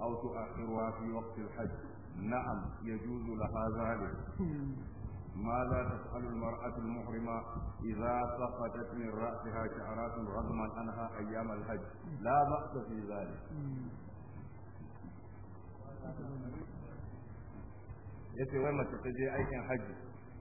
أو تؤخرها في وقت الحج نعم يجوز لها ذلك ماذا تفعل المرأة المحرمة إذا سقطت من رأسها شعرات رغما عنها أيام الحج لا بأس في ذلك yace wai mace ta je aikin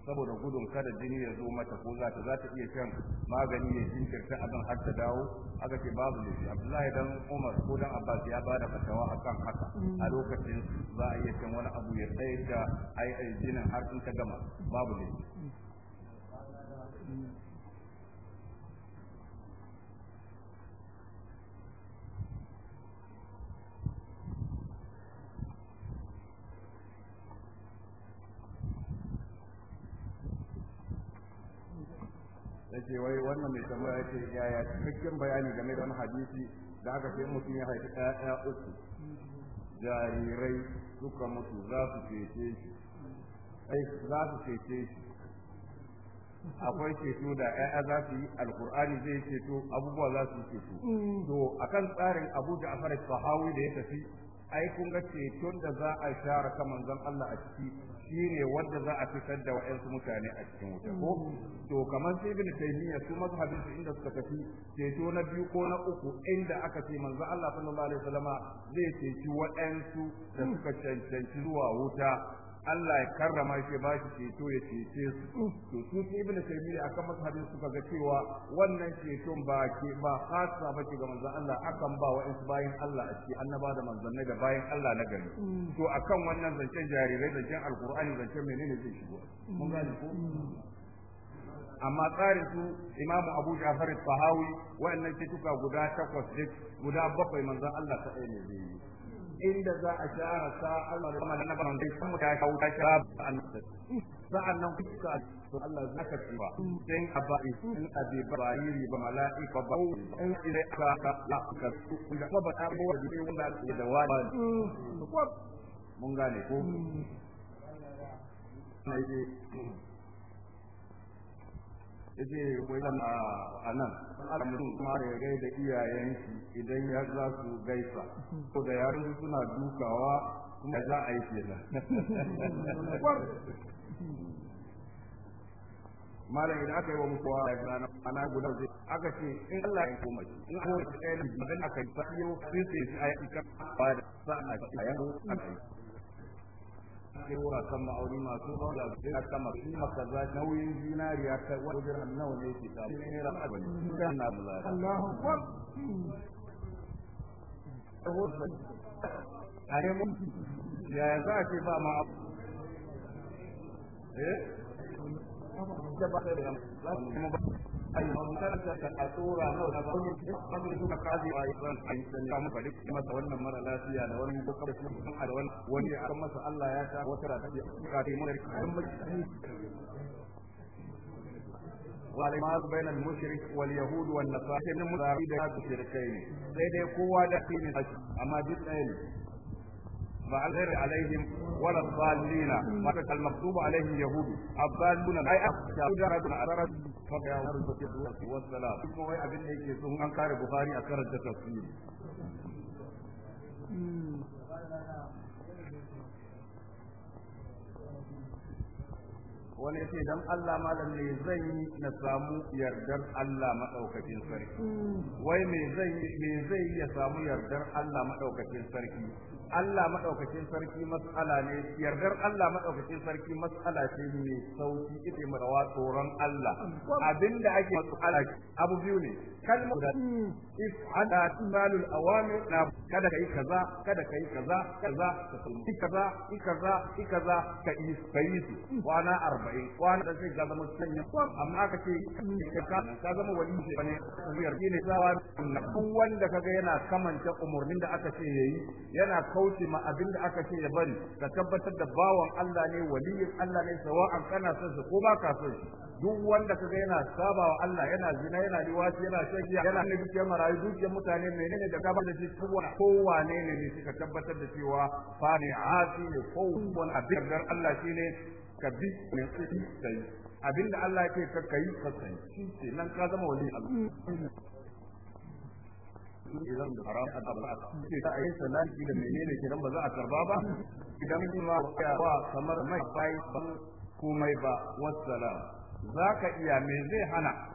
saboda gudun kada jini ya zo mata ko za ta za ta iya shan magani ya jinkirta abin har ta dawo aka ce babu ne shi abdullahi dan umar ko dan abbas ya bada fatawa akan haka mm. a lokacin za a iya shan wani abu ya tsayar da ai jinin har in ta gama babu ne ce wai wannan mai tambaya ya ce yaya cikakken bayani game da wani hadisi da aka ce mutum ya haifi ɗaya uku jarirai suka mutu za su cece shi ai za su cece shi akwai ceto da ɗaya za su yi alkur'ani zai ceto abubuwa za su yi ceto mm. to akan tsarin abu da afar sahawi da ya tafi ai kun ga ceton da za a share ka manzon Allah a ciki shine wanda za a fitar da wa'ansu mutane a cikin wuta ko to kamar sai ibn taymiya su mazhabin su inda suka tafi ceto na biyu ko na uku inda aka ce manzo Allah sallallahu alaihi wasallama zai ceci wa'ansu da suka cancanci zuwa wuta Allah ya karrama shi ba shi ceto ya cece su to su ce ibnu taymiya akan mazhabin suka ga cewa wannan ceton ba ke ba hasa ba ce ga manzon Allah akan ba wa'ansu bayin Allah a cikin annaba da manzanni da bayin Allah na gari mm. to akan wannan zancen jarirai zancen alqur'ani zancen menene zai shigo mun gane ko mm. amma tsarin su imamu abu jafar Fahawi wa'annan cutuka guda takwas duk guda bakwai manzon Allah ta ne zai yi inda za a share sa Allah kuma na dai kuma ta kawo ta shara an sa'an nan to Allah zaka in abai in abi ba mala'ika ba in ka la ka da ba ta ba da wanda da wani mun gane ko mm. yace koyan a nan ala mutum kuma ya gaida iyayen shi idan ya za su gaisa ko da yaro suna dukawa kuma za a yi kenan malam idan aka yi wa muku wa rana ana guda zai aka ce in Allah ya koma shi in Allah ya koma magana aka yi sa'iyo sai sai a yi kan ba da sa'a a yanzu a yi kura kan ma'auni masu da a sama kima kaza nauyin zinariya ta wajen annawa ne ke ta ne ra na bula Allahu akbar are mun ya za ki ba ma eh al-mumtarata a tura nau da bani bani suka kaji a yi ran an san ya muka duk masa wannan mara lafiya da wani da shi da wani wani ya kan masa Allah ya wata kan wa ma bayna al-mushrik wal wal nasara da sai dai kowa da ne amma duk ɗaya ne فأنزل عليهم ولا الضالين المكتوب عليهم يهود الضالون لا يأخذ أثرت والسلام كما أبن أيكي سهم بخاري أكرت تفسير wani ce dan Allah malam ne zan yi na samu yardar Allah madaukakin sarki wai me zai me zai ya samu yardar Allah madaukakin sarki Allah madaukakin sarki matsala ne yardar Allah madaukakin sarki matsala ce mai sauki ita mai rawa tsoron Allah abinda ake mas'ala abu biyu ne kalma da if ada timalul awamir na kada kai kaza kada kai kaza kaza ka tsalmi kaza i kaza i kaza ka yi kai su kwana 40 kwana da sai ga zama sanya amma aka ce ka zama wali ne ne yarki ne sawa wanda kaga yana kamanta umurnin da aka ce yayi yana kauce ma abin da aka ce ya bari ka tabbatar da bawan Allah ne waliyin Allah ne sawa'an kana son ko ba ka son shi duk wanda kaga yana saba wa Allah yana zina yana liwaci yana shakiya yana ne dukiyar marayu dukiyar mutane menene da gaba da shi kowa ne ne ne suka tabbatar da cewa fari'ati ne kowa abin da Allah shine ka bi ne sai abinda Allah yake ka kai ka sai shi nan ka zama wali Allah idan da haram a tabbata sai ta ayi salati da menene kidan ba za a karba ba idan kuma ba kamar mai bai ba komai ba wassalam zaka iya me zai hana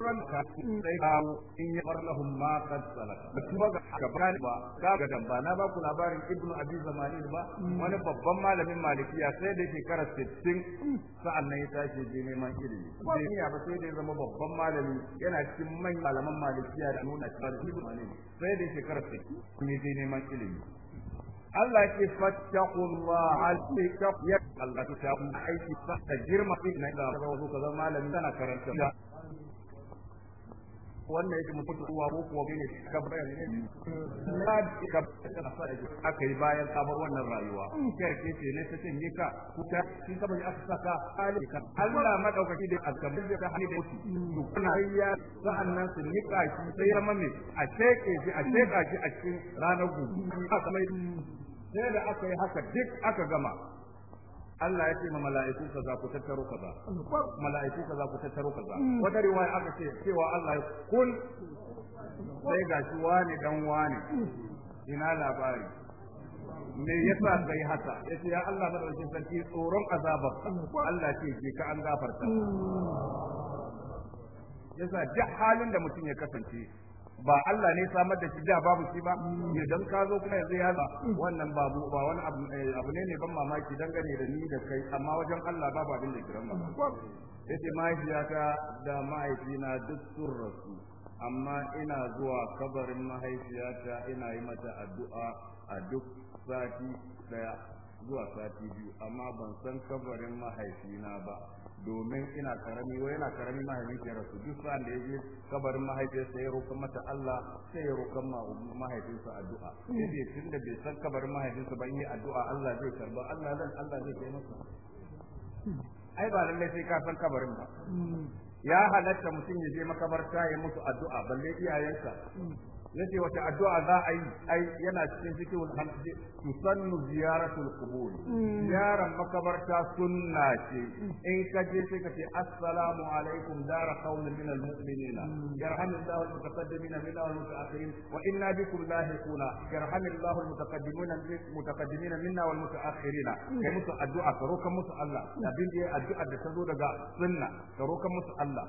ka in dai ba in ya bar lahum ma qad salaka da kuma ga kabari ba ga ga dan ba na ba ku labarin ibnu abi zamani ba wani babban malamin malikiya sai da shekara 60 sa'an nan ya tashi je neman ilimi sai ya ba sai da zama babban malami yana cikin man malaman malikiya da nuna cewa ibnu abi sai da shekara 60 kuma je neman ilimi Allah ke fattaqullah al-taqwa Allah ta aiki fa girma ina da wasu kaza malamin tana karanta wannan yake mu fito ruwa ko kuwa ne kabbar ne na da ka aka yi bayan kamar wannan rayuwa in karke ce ne ta cinye ka ta shi kaba ji aka saka alai ka Allah madaukaki da azkamin da hali da shi to kana ya sa'annan su nika shi sai ya mamme a sheke shi a sheka shi a cikin ranar gudu a kamar sai da aka yi haka duk aka gama Allah ya ce ma mala'iku za ku tattaro kaza mala'iku za ku tattaro kaza hmm. wata riwaya aka ce cewa Allah ya kun sai shi wani dan wani ina labari me yasa kai haka yace ya Allah madaukakin sarki tsoron azaba Allah ce ke ka an gafarta hmm. yasa duk halin da mutum ya kasance ba Allah ne samar da shi da babu shi ba ya dan ka zo kuma yanzu ya za wannan babu ba wani abu eh, ne ne ban mamaki dangane da ni da kai amma wajen Allah babu abin da kiran ba yace mahaifiyata da mahaifina duk sun rasu amma ina zuwa kabarin mahaifiyata ina yi mata addu'a a duk sati daya zuwa sati biyu amma ban san kabarin mahaifina ba domin ina karami wai yana karami mahaifiyar rasu duk sa'an da je kabarin mahaifiyarsa ya roƙa mata Allah sai ya roƙa mahaifinsa addu'a sai tun da bai san kabarin mahaifinsa ba in yi addu'a Allah zai karba Allah zan Allah zai kai masa ai ba lallai sai ka san kabarin ba hmm. ya halatta mutum ya je makabarta ya musu addu'a balle iyayensa nace wata addu'a za a yi ai yana cikin cikin hanji tusannu ziyaratul qubur hmm. ziyaran makabarta sunna ce in ka je sai ka ce assalamu alaikum dar qaumin min almu'minin hmm. yarhamillahu almutaqaddimin min almutaakhirin wa inna bikum lahiquna yarhamillahu almutaqaddimin mutaqaddimin minna walmutaakhirin hmm. kai musu addu'a ka rokan musu Allah abin da addu'a da ta zo daga sunna ka rokan musu Allah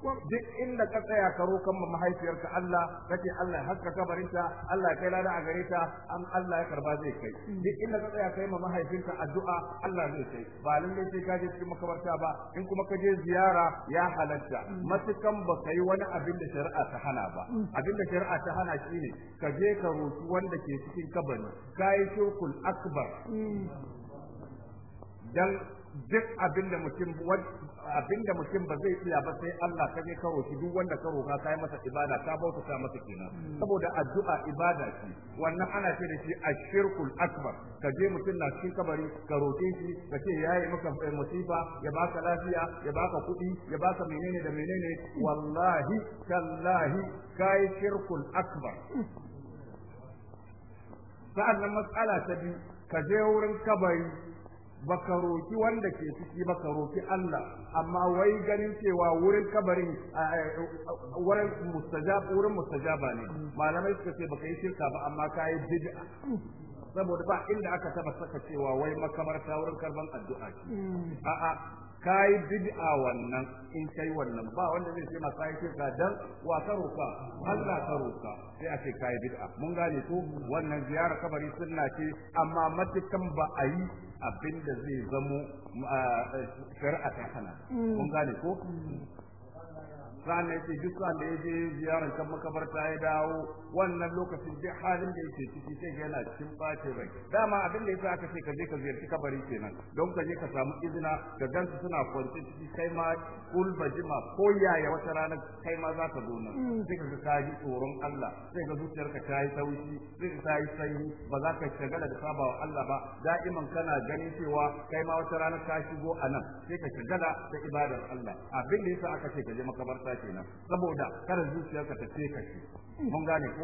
duk inda ka tsaya ka rokan ma mahaifiyarka Allah kace Allah ya haska kabarinta Allah ya kai lada a gare ta an Allah ya karba zai kai duk inda ka tsaya kai ma mahaifinka addu'a Allah zai kai ba lalle sai ka je cikin makabarta ba in kuma ka je ziyara ya halatta matukan ba kai wani abin da shari'a ta hana ba abin da shari'a ta hana shine ka je ka roki wanda ke cikin kabari kai shirkul akbar mm. dan duk abin da mutum abinda mutum ba zai iya ba sai Allah ka je karo shi duk wanda ka ka kai masa ibada ka bauta ka masa kenan hmm. saboda addu'a ibada ce wannan ana ce da shi ashirkul akbar ka je mutum na cikin kabari ka roke shi ka ce yayi maka musiba ya baka lafiya ya baka kuɗi ya baka menene da menene wallahi tallahi kai shirkul akbar sa'annan matsala ta biyu ka je wurin kabari baka roki wanda ke ciki baka roki Allah amma wai ganin cewa wurin kabarin wurin mustajab wurin mustajaba ne malamai suka ce baka yi shirka ba amma ka yi bid'a saboda ba inda aka taba saka cewa wai makamarta wurin karban addu'a hmm. a'a kai bid'a wannan in kai wannan ba wanda zai ce maka yake ka dan wa ka roka Allah ka roka sai a ce kai bid'a mun gane ko wannan ziyara kabari sunna ce amma matukan ba a yi abinda zai zamo shari'a ta hana mm. mun gane ko sa'an ne ce duk sa'an da ya je ziyarar kan makabarta ya dawo wannan lokacin duk halin da yake ciki sai yana cikin bacin rai dama abin da yasa aka ce ka je ka ziyarci kabari kenan don ka je ka samu izina ka gansu suna kwance ciki kai ma kul bajima ko yaya wata rana kai ma za ka zo nan mm. sai ka ka ji tsoron Allah sai ka zuciyarka ta yi sauki, sai ka yi sanyi ba za ka shagala da sabawa Allah ba da'iman kana ganin cewa kai ma wata rana ka shigo a nan sai ka shagala da ibadar Allah abin da yasa aka ce ka je makabarta kenan saboda kar zuciyarka ta ce ka shi mun gane ko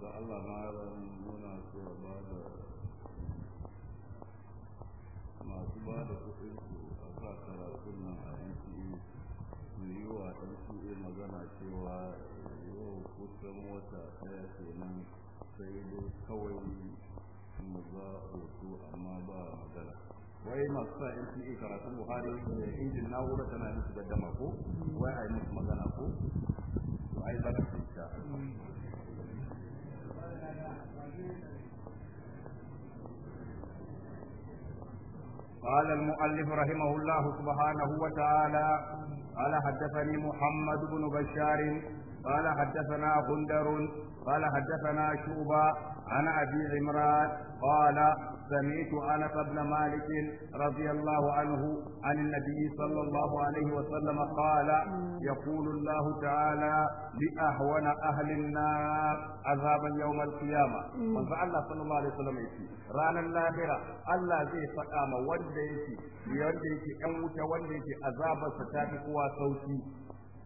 da Allah malam muna so ba da masu ba da kuɗin su a sa karatun nan a NCA su yi wa NCA magana cewa yau kusan wata ɗaya kenan sai dai kawai mu za hoto amma ba magana wai masu sa NCA karatun Buhari da injin na'ura tana musu gaddama ko wai magana ko ba قال المؤلف رحمه الله سبحانه وتعالى قال حدثني محمد بن بشار قال حدثنا غندر قال حدثنا شوبة عن أبي عمران قال سمعت أنس بن مالك رضي الله عنه عن النبي صلى الله عليه وسلم قال يقول الله تعالى لأهون أهل النار عذابا يوم القيامة وانفع الله صلى الله عليه وسلم يسي رانا اللاهرة الله زي سقام وانده يسي يسي أموت وانده يسي عذابا ستاتي قوى صوتي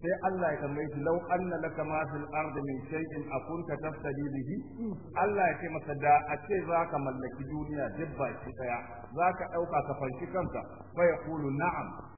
sai Allah ya tambaye shi law anna laka ma fil ardi min shay'in akunta taftadi bihi Allah ya ce masa da a ce ka mallaki duniya duk baki daya zaka ɗauka ka fanki kanka fa yaqulu na'am